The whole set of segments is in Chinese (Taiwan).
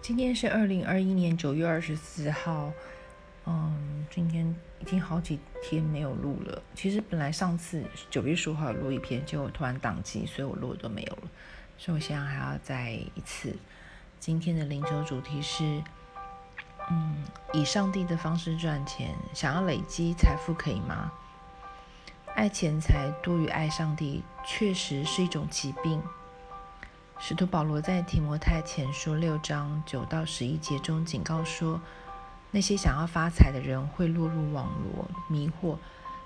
今天是二零二一年九月二十四號，嗯，今天已經好幾天沒有錄了。其實本來上次九月十五號錄一篇，結果突然宕機，所以我錄的都沒有了。所以我現在還要再一次。今天的靈修主題是：嗯，以上帝的方式賺錢，想要累積財富可以嗎？愛錢財多於愛上帝，確實是一種疾病。使徒保羅在提摩太前書六章九到十一節中警告說，那些想要發財的人會落入網羅、迷惑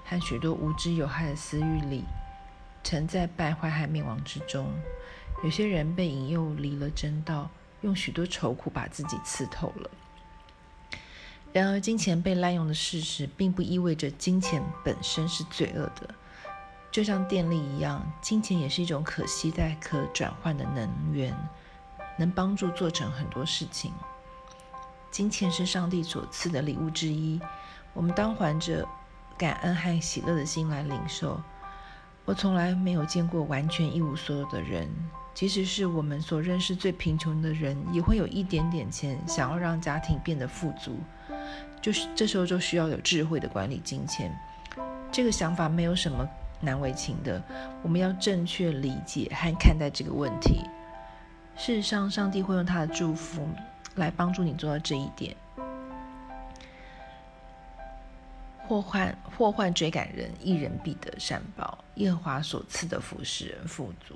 和許多無知有害的私欲裡，沉在敗壞和滅亡之中。有些人被引誘離了真道，用許多愁苦把自己刺透了。然而，金錢被濫用的事實，並不意味着金錢本身是罪惡的。就像電力一樣，金錢也是一種可攜帶、可轉換的能源，能幫助做成很多事情。金錢是上帝所賜的禮物之一，我們當懷着感恩和喜樂的心來領受。我從來沒有見過完全一無所有的人，即使是我們所認識最貧窮的人，也會有一點點錢，想要讓家庭變得富足。就是這時候就需要有智慧的管理金錢。這個想法沒有什麼。難為情的，我們要正確理解和看待這個問題。事實上，上帝會用他的祝福來幫助你做到這一點。禍患禍患追趕人，義人必得善報。耶和華所賜的福，使人富足。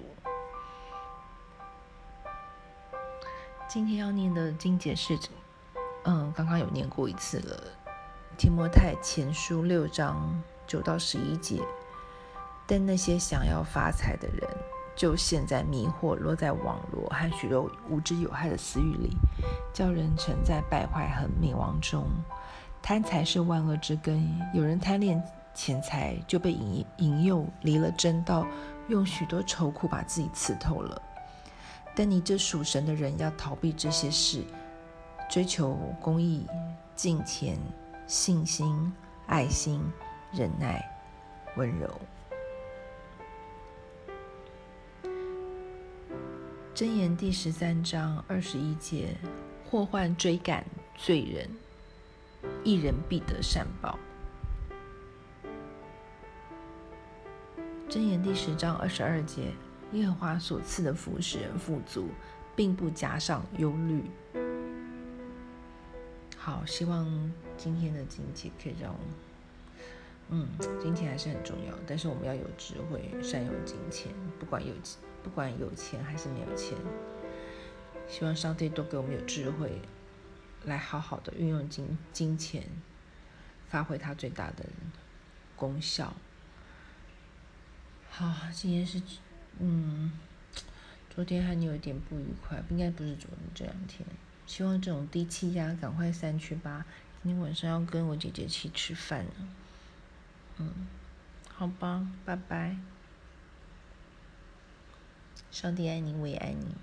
今天要念的經節是：嗯，剛剛有念過一次了，《提摩太前書》六章九到十一節。但那些想要發財的人，就陷在迷惑，落在網羅和許多無知有害的私慾裡，叫人沉在敗壞和滅亡中。貪財是萬惡之根，有人貪戀錢財，就被引引誘離了真道，用許多愁苦把自己刺透了。但你這屬神的人，要逃避這些事，追求公義、敬虔、信心、愛心、忍耐、溫柔。箴言第十三章二十一節：禍患追趕罪人，義人必得善報。箴言第十章二十二節：耶和華所賜的福使人富足，並不加上憂慮。好，希望今天的經節可以讓我們。嗯，金錢還是很重要，但是我們要有智慧善用金錢。不管有，不管有錢還是沒有錢，希望上帝都給我們有智慧，來好好的運用金金錢，發揮它最大的功效。好，今天是嗯，昨天還有一點不愉快，應該不是昨天這兩天。希望這種低氣壓趕快散去吧。今天晚上要跟我姐姐去吃飯了。嗯，好吧，拜拜。上帝愛你，我也愛你。